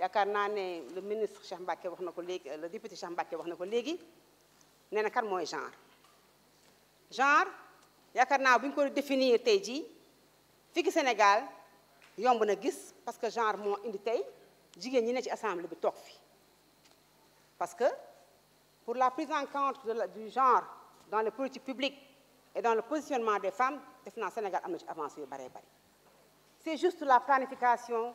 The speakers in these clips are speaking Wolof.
yaakaar naa le ministre Cheikh Mbacké wax na ko léegi le député Cheikh Mbacké wax na ko léegi nee kan moy genre genre yakarna buñ ko définir tay ji fii ci Sénégal yomb na gis parce que genre mo indi tay jigen ñi ne ci assemblée bi tok fi parce que pour la prise en compte de la, du genre dans les politiques publiques et dans le positionnement des femmes le Sénégal am na ci avancé yu c'est juste la planification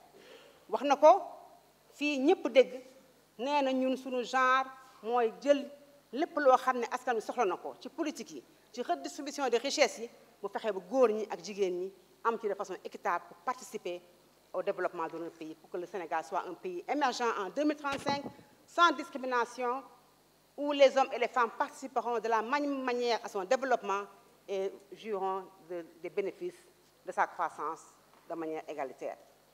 wax na ko fii ñëpp dégg nee na ñun suñu genre mooy jël lépp loo xam ne askan bi soxla na ci politique yi redistribution des richesses yi mu fexe ba góor ñi ak façon équitable pour participer au développement de notre pays pour que le Sénégal soit un pays émergent en 2035 sans discrimination où les hommes et les femmes participeront de la même manière à son développement et joueront des bénéfices de sa croissance de manière égalitaire.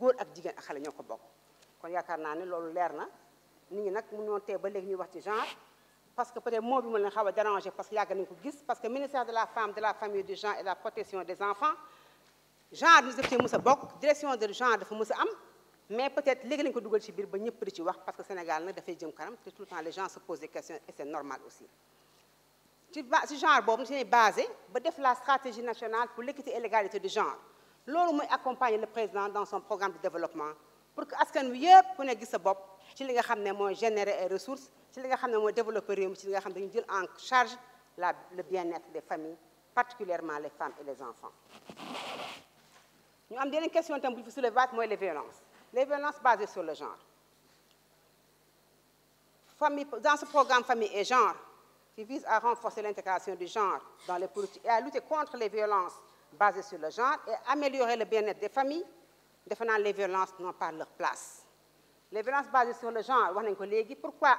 góor ak jigéen ak xalé ñoko bok kon yakarna naa lolu loolu leer na nit ñi nag mënuñoo tee ba léegi wax ci genre parce que peut-être mo bi ma leen xaw déranger parce que yag nañu ko gis parce que ministère de la femme de la famille du genre et de la protection des enfants genre nous étions ci mës a direction de genre dafa mës am mais peut-être légui lañ ko duggal ci bir ba ñepp di ci wax parce que Sénégal da fay jëm kanam te tout le temps les gens se posent des questions et c'est normal aussi ci ba ci genre boobu ñu basé ba def la stratégie nationale pour l'équité et l'égalité du genre lolu moy accompagner le président dans son programme de développement pour que askan puissions ne gis ci générer des ressources ci li nga développer réew ci li nga en charge la le bien-être des familles particulièrement les femmes et les enfants ñu am yeneen question tam bu fi les violences les violences basées sur le genre dans ce programme famille et genre qui vise à renforcer l'intégration du genre dans les politiques et à lutter contre les violences basée sur le genre et améliorer le bien-être des familles défendant les violences n'ont pas leur place les violences basées sur le genre pourquoi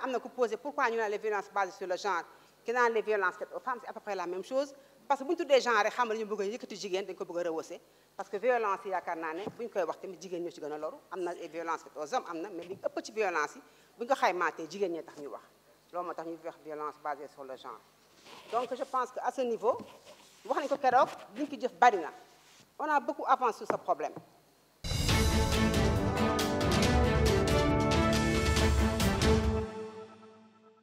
les violences basées sur le genre que les violences aux femmes c'est à peu près la même chose parce que gens que violence violences hommes violence sur le genre donc je pense que ce niveau on a beaucoup avancé sur ce problème